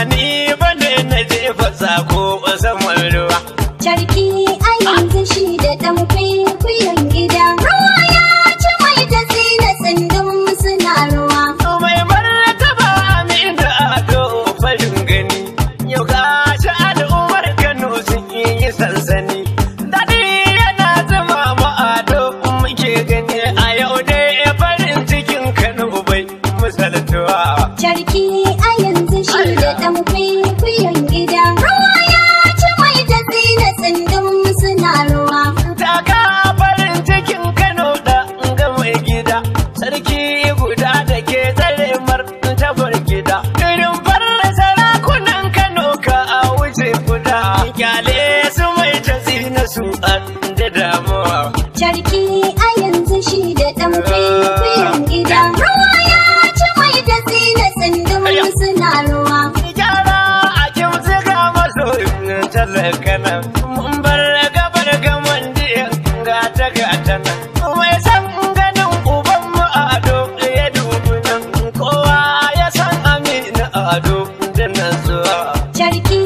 ba ni ba ne na jefa sako saman ruwa. Carki a yanzu shi da ɗan sarki a yanzu shi da ɗan kwaikwayon gida. Ruwa ya ci mai da zina tsindin suna ruwa. Daga farin cikin Kano da ga mai gida, sarki guda da ke tsare mar tabar gida. Irin farin sarakunan Kano ka a wuce guda, kyale su mai da na su a da damuwa. Sarki talaka nan mun bar gabar gaman jiya ga ta ga ta nan mai san ganin uban mu ado ya dubu nan kowa ya san amina ado da nan zuwa